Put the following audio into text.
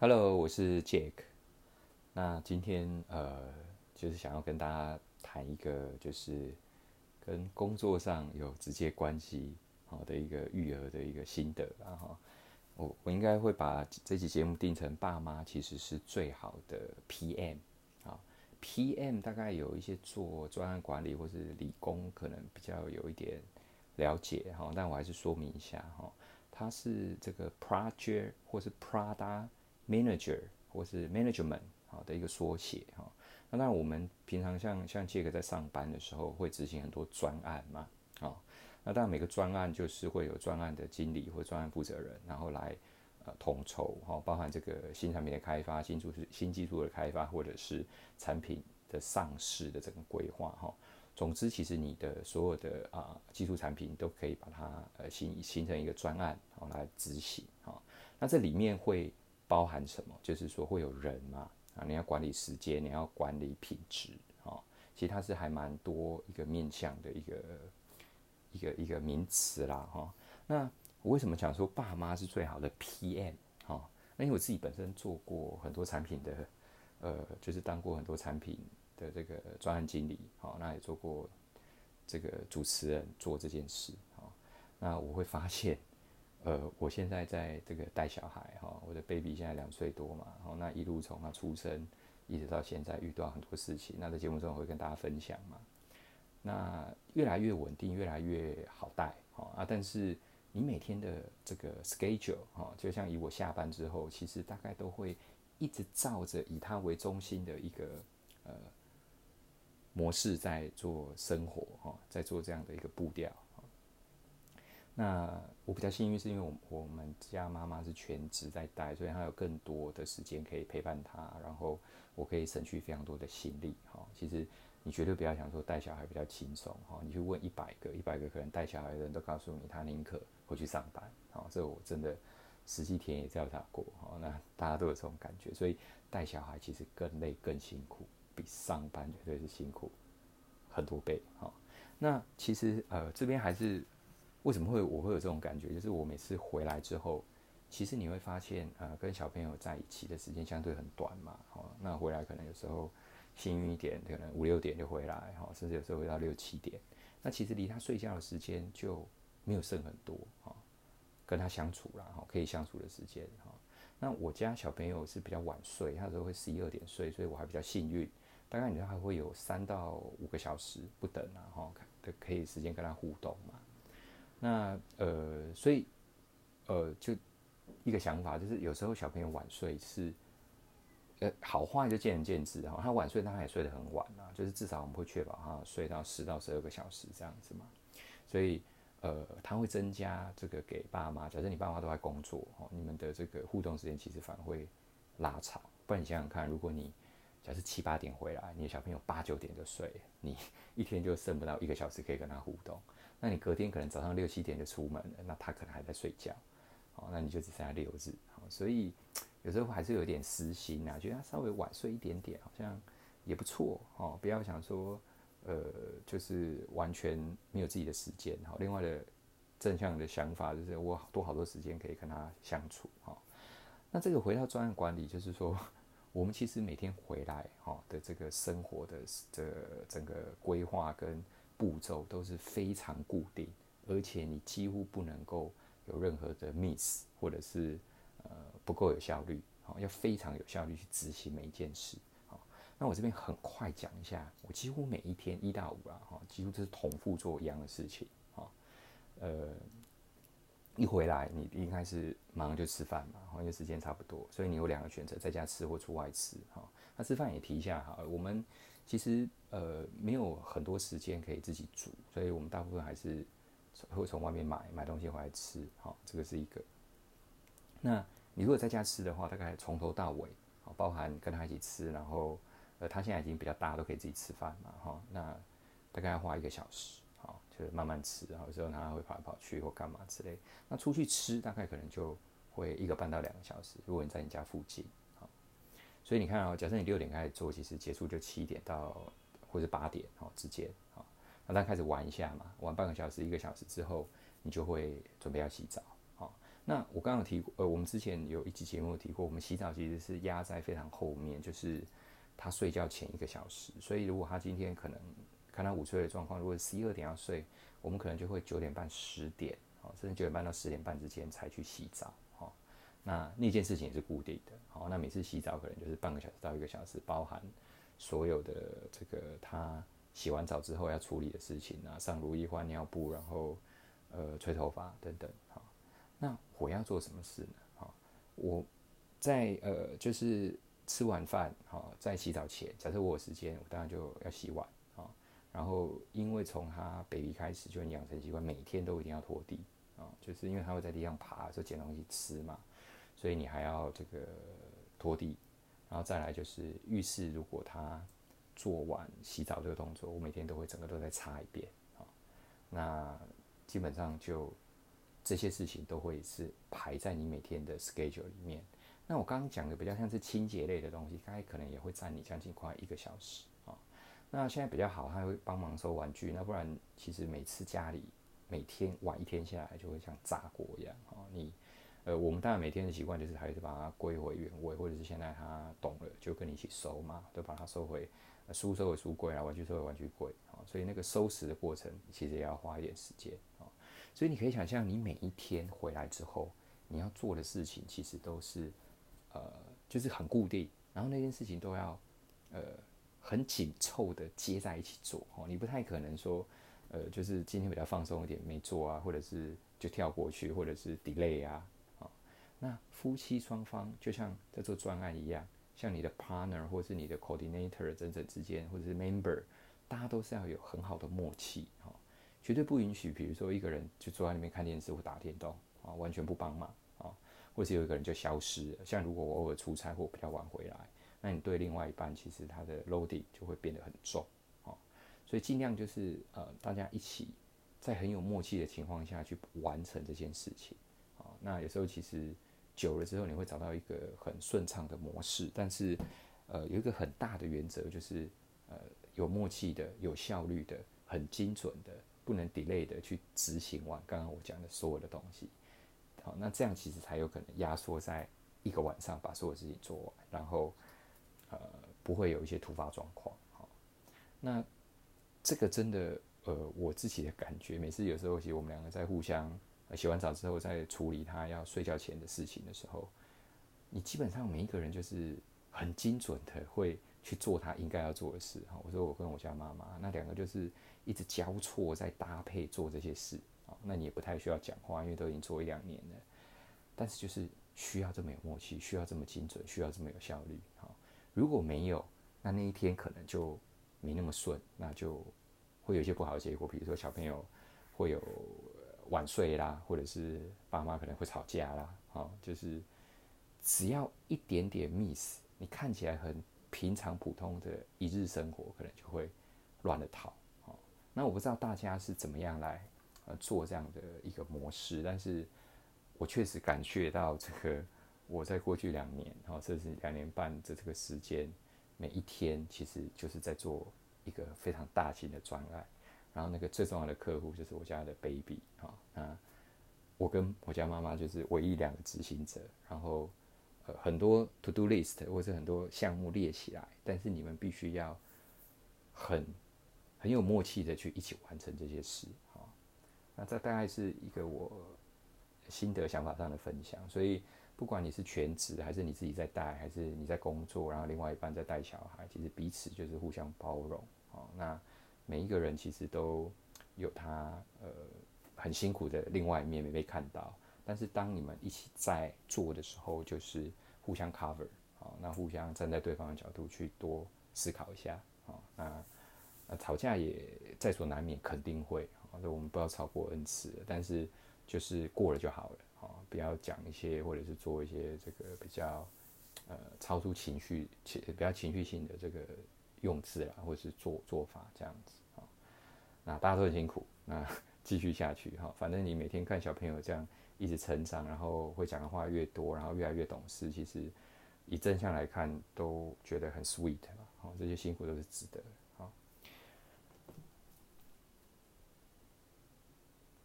Hello，我是 Jack。那今天呃，就是想要跟大家談一個，就是跟工作上有直接關係好的一個育兒的一個心得啊。哈。我我應該會把這期節目定成爸媽其實是最好的 PM 啊。PM 大概有一些做專案管理或是理工，可能比較有一點了解哈。但我還是說明一下哈，它是這個 project 或是 product。manager 或是 management 好的一個縮寫哈，那當然我們平常像像傑克在上班的時候會執行很多專案嘛，啊，那當然每個專案就是會有專案的經理或專案負責人，然後來呃統籌哈，包含這個新產品的開發、新技術新技術的開發或者是產品的上市的整個規劃哈。總之，其實你的所有的啊、呃、技術產品都可以把它呃形形成一個專案，然後、喔、來執行哈。那這裡面會。包含什麼？就是說會有人嘛，啊，你要管理時間，你要管理品質，啊、哦，其實它是還蠻多一個面向的一個一個一個名詞啦，哈、哦。那我為什麼講說爸媽是最好的 PM？哈、哦，那因為我自己本身做過很多產品的，呃，就是當過很多產品的這個專案經理，好、哦，那也做過這個主持人做這件事，好、哦，那我會發現。呃，我現在在這個帶小孩哈、哦，我的 baby 現在兩歲多嘛，然、哦、後那一路從他出生一直到現在遇到很多事情，那在節目中我會跟大家分享嘛。那越來越穩定，越來越好帶，好、哦、啊。但是你每天的這個 schedule，哈、哦，就像以我下班之後，其實大概都會一直照着以他為中心的一個呃模式在做生活哈、哦，在做這樣的一個步調。那我比較幸運，是因為我我們家媽媽是全職在帶，所以她有更多的時間可以陪伴她。然後我可以省去非常多的心力哈。其實你絕對不要想說帶小孩比較輕鬆哈，你去問一百個一百個可能帶小孩的人都告訴你，他寧可回去上班哈。這我真的實際天也在她過哈，那大家都有這種感覺，所以帶小孩其實更累更辛苦，比上班絕對是辛苦很多倍哈。那其實呃這邊還是。為什麼會我會有這種感覺？就是我每次回來之後，其實你會發現，呃，跟小朋友在一起的時間相對很短嘛。好、哦，那回來可能有時候幸運一點，可能五六點就回來，哈、哦，甚至有時候回到六七點。那其實離他睡覺的時間就沒有剩很多，哈、哦，跟他相處了，哈、哦，可以相處的時間，哈、哦。那我家小朋友是比較晚睡，他有時候會十一二點睡，所以我還比較幸運，大概你知道還會有三到五個小時不等啊，哈、哦，可以時間跟他互動嘛。那呃，所以呃，就一個想法，就是有時候小朋友晚睡是，呃，好壞就見仁見智哦。他晚睡，當然也睡得很晚啦啊，就是至少我們會確保他睡到十到十二個小時這樣子嘛。所以呃，他會增加這個給爸媽。假設你爸媽都在工作哦，你們的這個互動時間其實反而會拉長。不然你想想看，如果你還是七八點回來，你的小朋友八九點就睡，你一天就剩不到一個小時可以跟他互動。那你隔天可能早上六七點就出門了，那他可能還在睡覺，哦，那你就只剩下六日。好，所以有時候還是有點私心啊，覺得他稍微晚睡一點點好像也不錯。哦，不要想說，呃，就是完全沒有自己的時間。好，另外的正向的想法就是我多好多時間可以跟他相處。好，那這個回到專案管理，就是說，我們其實每天回來哈的這個生活的這個整個規劃跟步驟都是非常固定，而且你幾乎不能夠有任何的 miss 或者是呃不夠有效率，好，要非常有效率去執行每一件事，那我這邊很快講一下，我幾乎每一天一到五啊哈，幾乎都是重複做一樣的事情呃。一回來，你應該是馬上就吃飯嘛，因為時間差不多，所以你有兩個選擇，在家吃或出外吃。哈，那吃飯也提一下哈，我們其實呃沒有很多時間可以自己煮，所以我們大部分還是會從外面買買東西回來吃。哈，這個是一個。那你如果在家吃的話，大概從頭到尾，包含跟他一起吃，然後呃他現在已經比較大，都可以自己吃飯嘛，哈，那大概要花一個小時。就慢慢吃，然後有時候他會跑來跑去或幹嘛之類。那出去吃大概可能就會一個半到兩個小時。如果你在你家附近，所以你看啊、哦，假設你六點開始做，其實結束就七點到或者八點，好之間，好。那他開始玩一下嘛，玩半個小時一個小時之後，你就會準備要洗澡，好。那我剛剛提過，呃，我們之前有一期節目提過，我們洗澡其實是壓在非常後面，就是他睡覺前一個小時。所以如果他今天可能。看他午睡的狀況，如果十一二點要睡，我們可能就會九點半、十點，哦，甚至九點半到十點半之間才去洗澡，那那件事情也是固定的，那每次洗澡可能就是半個小時到一個小時，包含所有的這個他洗完澡之後要處理的事情啊、上乳液、換尿布，然後呃吹頭髮等等，那我要做什麼事呢？我在呃就是吃完飯，在洗澡前，假設我有時間，我當然就要洗碗。然後，因為從他 baby 開始，就你養成習慣，每天都一定要拖地啊、哦，就是因為他會在地上爬，就撿東西吃嘛，所以你還要這個拖地。然後再來就是浴室，如果他做完洗澡這個動作，我每天都會整個都在擦一遍啊、哦。那基本上就這些事情都會是排在你每天的 schedule 裡面。那我剛剛講的比較像是清潔類的東西，大概可能也會占你將近快一個小時。那現在比較好，他會幫忙收玩具。那不然，其實每次家裡每天玩一天下來，就會像炸鍋一樣啊、哦！你呃，我們當然每天的習慣就是還是把它歸回原位，或者是現在他懂了，就跟你一起收嘛，都把它收回、呃、書收回書櫃啊，玩具收回玩具櫃啊、哦。所以那個收拾的過程其實也要花一點時間啊、哦。所以你可以想象，你每一天回來之後，你要做的事情其實都是呃，就是很固定，然後那件事情都要呃。很緊湊的接在一起做哦，你不太可能說，呃，就是今天比較放鬆一點沒做啊，或者是就跳過去，或者是 delay 啊，哦、那夫妻雙方就像在做專案一樣，像你的 partner 或是你的 coordinator 的等等之間，或者是 member，大家都是要有很好的默契，哈、哦，絕對不允許，比如說一個人就坐在那邊看電視或打電動，啊、哦，完全不幫忙，啊、哦，或是有一個人就消失，像如果我偶爾出差或比較晚回來。那你對另外一半，其實他的 loading 就就會變得很重啊、哦，所以盡量就是呃大家一起在很有默契的情況下去完成這件事情啊、哦。那有時候其實久了之後，你會找到一個很順暢的模式，但是呃有一個很大的原則就是呃有默契的、有效率的、很精準的、不能 delay 的去執行完剛剛我講的所有的東西，好、哦，那這樣其實才有可能壓縮在一個晚上把所有事情做完，然後。呃，不會有一些突發狀況。好，那這個真的，呃，我自己的感覺，每次有時候，其實我們兩個在互相，呃，洗完澡之後，在處理他要睡覺前的事情的時候，你基本上每一個人就是很精準的會去做他應該要做的事。哈，我說我跟我家媽媽，那兩個就是一直交錯在搭配做這些事。好，那你也不太需要講話，因為都已經做一兩年了。但是就是需要這麼有默契，需要這麼精準，需要這麼有效率。如果沒有，那那一天可能就沒那麼順，那就會有一些不好的結果，比如說小朋友會有晚睡啦，或者是爸媽可能會吵架啦，好、哦，就是只要一點點 miss，你看起來很平常普通的，一日生活可能就會亂了套、哦。那我不知道大家是怎麼樣來呃做這樣的一個模式，但是我確實感覺到這個。我在過去兩年，哈，這是兩年半的這個時間，每一天其實就是在做一個非常大型的專案，然後那個最重要的客戶就是我家的 baby，哈、哦，那我跟我家媽媽就是唯一兩個執行者，然後呃很多 to do list 或者是很多項目列起來，但是你們必須要很很有默契的去一起完成這些事，哈、哦，那這大概是一個我。心得、想法上的分享，所以不管你是全職，還是你自己在帶，還是你在工作，然後另外一半在帶小孩，其實彼此就是互相包容。好、哦，那每一個人其實都有他呃很辛苦的另外一面沒被看到，但是當你們一起在做的時候，就是互相 cover、哦。好，那互相站在對方的角度去多思考一下。好、哦，那吵架也在所難免，肯定會。好、哦，我們不要超過 N 次，但是。就是過了就好了，哦，不要講一些或者是做一些這個比較呃超出情緒、情比較情緒性的這個用字啦，或者是做做法這樣子啊、哦。那大家都很辛苦，那繼續下去哈、哦。反正你每天看小朋友這樣一直成長，然後會講的話越多，然後越來越懂事，其實以正向來看，都覺得很 sweet 哦，這些辛苦都是值得的。